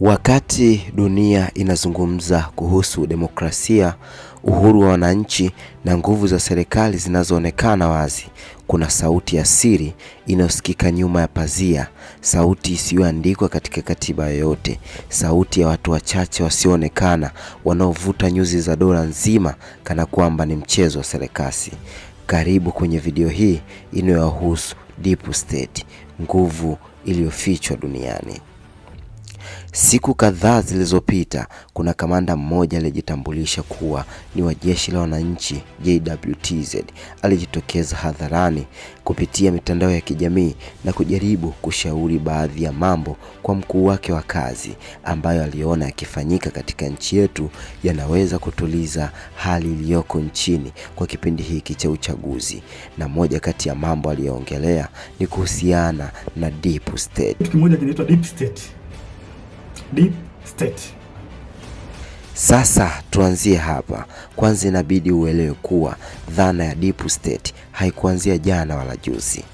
Wakati dunia inazungumza kuhusu demokrasia, uhuru wa wananchi na nguvu za serikali zinazoonekana wazi, kuna sauti ya siri inayosikika nyuma ya pazia, sauti isiyoandikwa katika katiba yoyote, sauti ya watu wachache wasioonekana wanaovuta nyuzi za dola nzima kana kwamba ni mchezo wa serikali. Karibu kwenye video hii inayohusu deep state, nguvu iliyofichwa duniani. Siku kadhaa zilizopita kuna kamanda mmoja aliyejitambulisha kuwa ni wa Jeshi la Wananchi JWTZ alijitokeza hadharani kupitia mitandao ya kijamii na kujaribu kushauri baadhi ya mambo kwa mkuu wake wa kazi ambayo aliona yakifanyika katika nchi yetu yanaweza kutuliza hali iliyoko nchini kwa kipindi hiki cha uchaguzi, na moja kati ya mambo aliyoongelea ni kuhusiana na deep state. Kitu kimoja kinaitwa deep state deep state. Sasa tuanzie hapa. Kwanza inabidi uelewe kuwa dhana ya deep state haikuanzia jana wala juzi.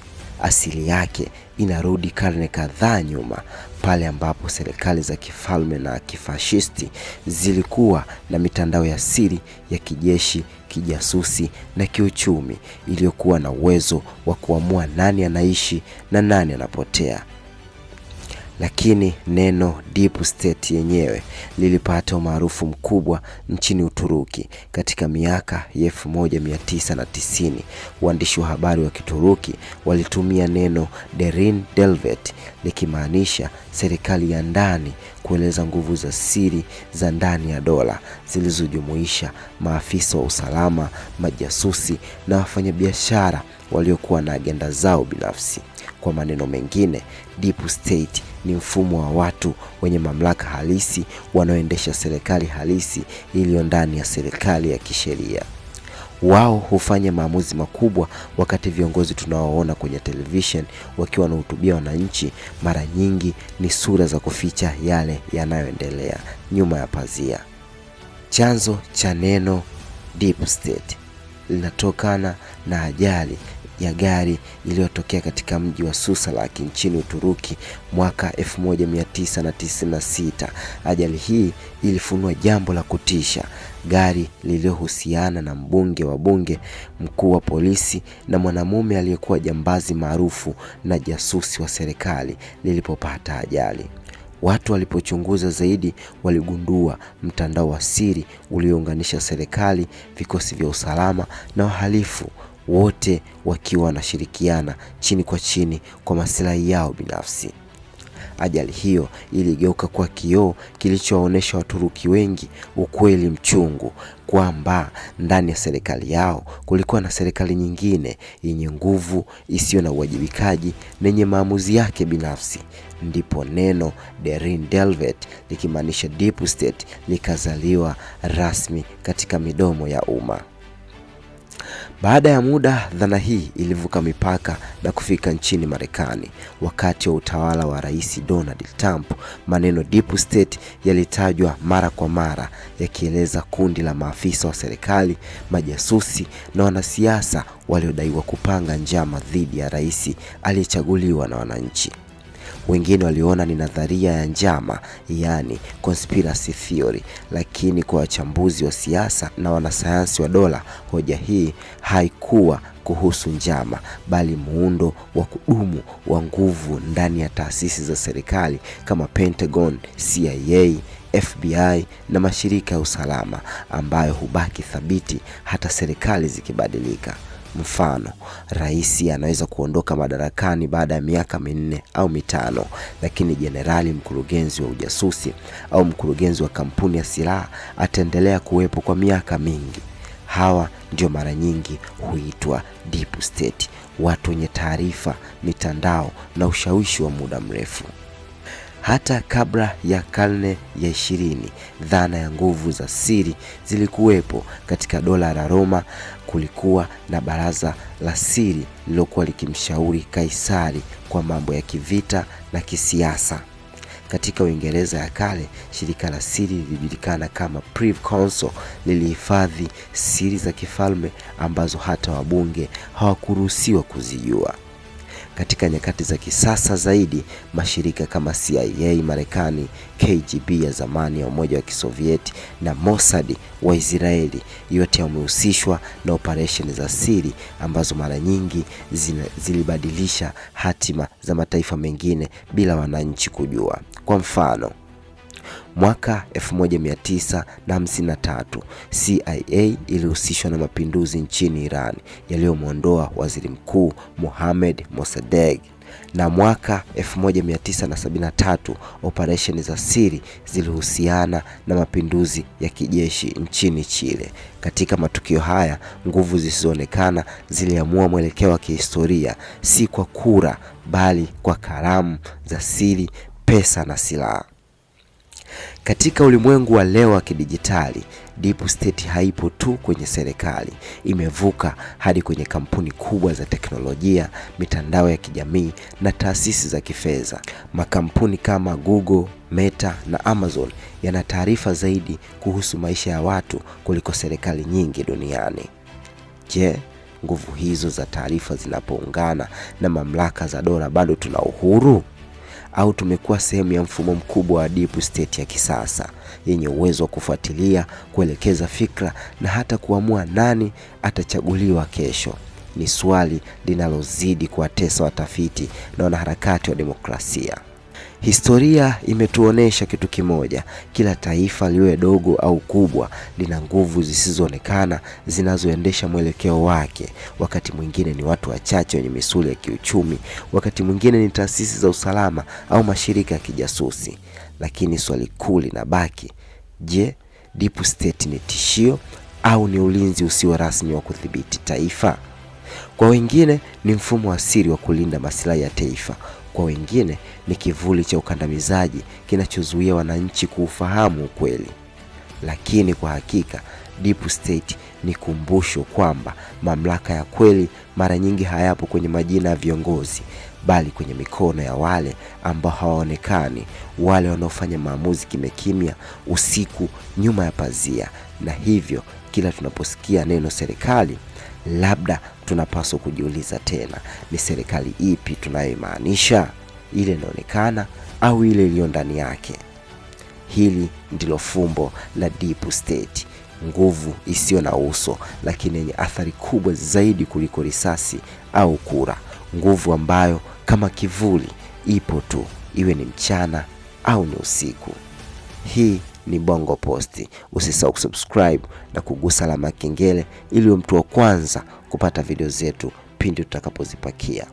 Asili yake inarudi karne kadhaa nyuma, pale ambapo serikali za kifalme na kifashisti zilikuwa na mitandao ya siri ya kijeshi, kijasusi na kiuchumi iliyokuwa na uwezo wa kuamua nani anaishi na nani anapotea. Lakini neno deep state yenyewe lilipata umaarufu mkubwa nchini Uturuki katika miaka ya 1990. Waandishi wa habari wa Kituruki walitumia neno derin devlet likimaanisha serikali ya ndani kueleza nguvu za siri za ndani ya dola zilizojumuisha maafisa wa usalama, majasusi na wafanyabiashara waliokuwa na agenda zao binafsi. Kwa maneno mengine, deep state ni mfumo wa watu wenye mamlaka halisi wanaoendesha serikali halisi iliyo ndani ya serikali ya kisheria. Wao hufanya maamuzi makubwa, wakati viongozi tunaoona kwenye television wakiwa wanahutubia wananchi, mara nyingi ni sura za kuficha yale yanayoendelea nyuma ya pazia. Chanzo cha neno deep state linatokana na ajali ya gari iliyotokea katika mji wa Susalaki nchini Uturuki mwaka 1996. Ajali hii ilifunua jambo la kutisha, gari lililohusiana na mbunge wa bunge, mkuu wa polisi na mwanamume aliyekuwa jambazi maarufu na jasusi wa serikali lilipopata ajali. Watu walipochunguza zaidi waligundua mtandao wa siri uliounganisha serikali, vikosi vya usalama na wahalifu wote wakiwa wanashirikiana chini kwa chini kwa masilahi yao binafsi. Ajali hiyo iligeuka kuwa kioo kilichowaonyesha Waturuki wengi ukweli mchungu kwamba ndani ya serikali yao kulikuwa na serikali nyingine yenye nguvu, isiyo na uwajibikaji na yenye maamuzi yake binafsi. Ndipo neno Derin Devlet likimaanisha deep state likazaliwa rasmi katika midomo ya umma. Baada ya muda, dhana hii ilivuka mipaka na kufika nchini Marekani. Wakati wa utawala wa Rais Donald Trump, maneno deep state yalitajwa mara kwa mara, yakieleza kundi la maafisa wa serikali, majasusi na wanasiasa waliodaiwa kupanga njama dhidi ya rais aliyechaguliwa na wananchi wengine waliona ni nadharia ya njama, yaani conspiracy theory, lakini kwa wachambuzi wa siasa na wanasayansi wa dola, hoja hii haikuwa kuhusu njama bali muundo wa kudumu wa nguvu ndani ya taasisi za serikali kama Pentagon, CIA, FBI na mashirika ya usalama ambayo hubaki thabiti hata serikali zikibadilika. Mfano, rais anaweza kuondoka madarakani baada ya miaka minne au mitano, lakini jenerali, mkurugenzi wa ujasusi au mkurugenzi wa kampuni ya silaha ataendelea kuwepo kwa miaka mingi. Hawa ndio mara nyingi huitwa deep state, watu wenye taarifa, mitandao na ushawishi wa muda mrefu. Hata kabla ya karne ya ishirini, dhana ya nguvu za siri zilikuwepo. Katika dola la Roma kulikuwa na baraza la siri lililokuwa likimshauri Kaisari kwa mambo ya kivita na kisiasa. Katika Uingereza ya kale, shirika la siri lilijulikana kama Privy Council, lilihifadhi siri za kifalme ambazo hata wabunge hawakuruhusiwa kuzijua. Katika nyakati za kisasa zaidi, mashirika kama CIA Marekani, KGB ya zamani ya Umoja wa Kisovieti na Mossad wa Israeli yote yamehusishwa na operesheni za siri ambazo mara nyingi zilibadilisha hatima za mataifa mengine bila wananchi kujua. Kwa mfano Mwaka 1953 CIA ilihusishwa na mapinduzi nchini Iran yaliyomwondoa waziri mkuu Mohamed Mossadegh na mwaka 1973 operesheni za siri zilihusiana na mapinduzi ya kijeshi nchini Chile. Katika matukio haya, nguvu zisizoonekana ziliamua mwelekeo wa kihistoria, si kwa kura, bali kwa karamu za siri, pesa na silaha. Katika ulimwengu wa leo wa kidijitali, deep state haipo tu kwenye serikali, imevuka hadi kwenye kampuni kubwa za teknolojia, mitandao ya kijamii na taasisi za kifedha. Makampuni kama Google, Meta na Amazon yana taarifa zaidi kuhusu maisha ya watu kuliko serikali nyingi duniani. Je, nguvu hizo za taarifa zinapoungana na mamlaka za dola bado tuna uhuru? au tumekuwa sehemu ya mfumo mkubwa wa deep state ya kisasa yenye uwezo wa kufuatilia, kuelekeza fikra na hata kuamua nani atachaguliwa kesho? Ni swali linalozidi kuwatesa watafiti na wanaharakati wa demokrasia. Historia imetuonesha kitu kimoja: kila taifa liwe dogo au kubwa, lina nguvu zisizoonekana zinazoendesha mwelekeo wake. Wakati mwingine ni watu wachache wenye misuli ya kiuchumi, wakati mwingine ni taasisi za usalama au mashirika ya kijasusi. Lakini swali kuu linabaki, je, deep state ni tishio au ni ulinzi usio rasmi wa kudhibiti taifa? Kwa wengine ni mfumo wa siri wa kulinda masilahi ya taifa kwa wengine ni kivuli cha ukandamizaji kinachozuia wananchi kuufahamu ukweli. Lakini kwa hakika deep state ni kumbusho kwamba mamlaka ya kweli mara nyingi hayapo kwenye majina ya viongozi, bali kwenye mikono ya wale ambao hawaonekani, wale wanaofanya maamuzi kimekimya, usiku, nyuma ya pazia. Na hivyo kila tunaposikia neno serikali, labda tunapaswa kujiuliza tena, ni serikali ipi tunayoimaanisha, ile inaonekana au ile iliyo ndani yake? Hili ndilo fumbo la deep state, nguvu isiyo na uso, lakini yenye athari kubwa zaidi kuliko risasi au kura, nguvu ambayo kama kivuli ipo tu, iwe ni mchana au ni usiku. Hii ni Bongo Posti. Usisahau kusubscribe na kugusa alama kengele ili mtu wa kwanza kupata video zetu pindi tutakapozipakia.